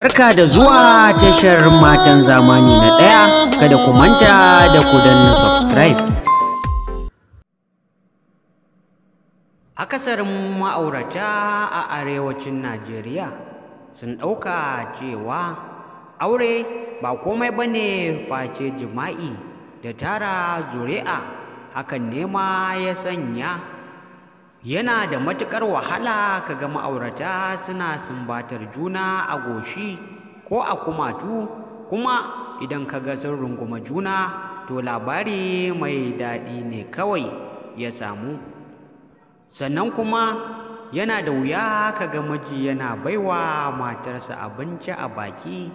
Barka da zuwa tashar matan zamani na ɗaya kada ku manta da ku danna subscribe. Akasarin ma'aurata a arewacin Najeriya sun ɗauka cewa aure ba komai ba ne face jima'i da tara zuri'a hakan nema ya sanya yana da matuƙar wahala ka ga ma'aurata suna sumbatar juna a goshi ko a kumatu kuma idan ka ga sun runguma juna to labari mai daɗi ne kawai ya samu sannan kuma yana da wuya ka ga miji yana baiwa matarsa abinci a baki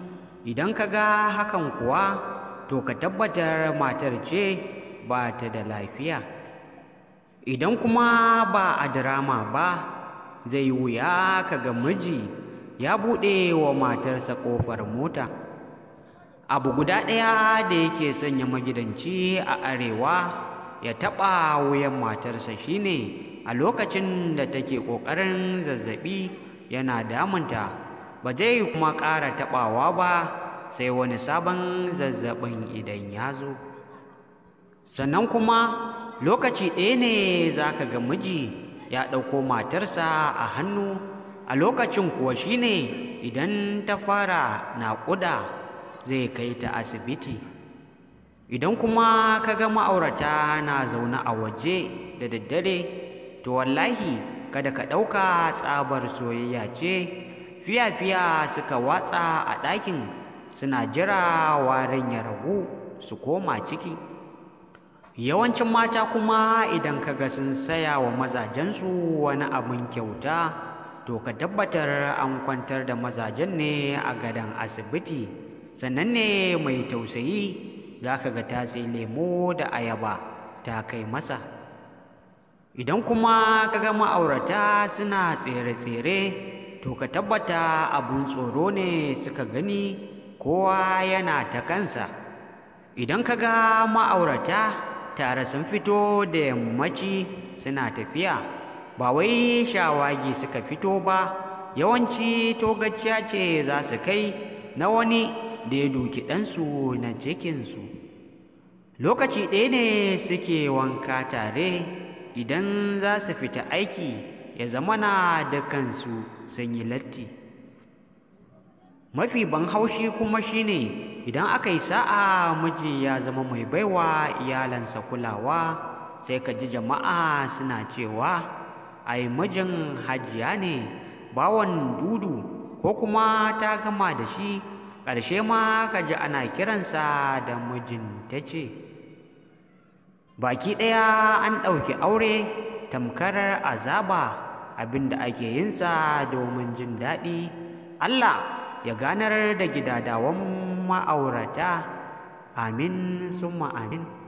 idan ka ga hakan kuwa to ka tabbatar matar ce ba ta da lafiya idan kuma ba a dirama ba zai wuya ka ga miji ya buɗe wa matarsa ƙofar mota abu guda ɗaya da yake sanya magidanci a arewa ya taɓa wuyan matarsa shine a lokacin da take ƙoƙarin zazzaɓi yana damunta ba zai kuma ƙara taɓawa ba sai wani sabon zazzaɓin idan ya zo sannan kuma lokaci ɗaya ne za ka ga miji ya ɗauko matarsa a hannu a lokacin kuwa ne idan ta fara naƙuda zai kai ta asibiti idan kuma ka ga ma'aurata na zaune a waje da daddare to wallahi kada ka ɗauka tsabar soyayya ce fiya-fiya suka watsa a ɗakin suna jira waren ya ragu su koma ciki yawancin mata kuma idan ka ga sun saya wa mazajensu wani abin kyauta to ka tabbatar an kwantar da mazajen ne a gadon asibiti sannan ne mai tausayi za ka ga ta sai lemo da ayaba ta kai masa idan kuma ka ga ma'aurata suna tsere-tsere to ka tabbata abun tsoro ne suka gani kowa yana ta kansa idan ka ga ma'aurata tare sun fito da yammaci suna tafiya ba wai shawagi suka fito ba yawanci togaciya ce za su kai na wani da ya duki ɗansu na cikinsu lokaci ɗaya ne suke wanka tare idan za su fita aiki ya zamana da kansu sun yi latti mafi ban haushi kuma shine idan aka yi sa'a miji ya zama mai baiwa iyalansa kulawa sai ka ji jama'a suna cewa ai mijin hajiya ne bawan dudu ko kuma ta gama da shi ƙarshe ma ka ji ana kiransa da mijin ta ce baki ɗaya an ɗauki aure tamkar azaba abinda ake yinsa domin jin daɗi allah ya ganar da gidadawan ma'aurata amin sun ma'anin.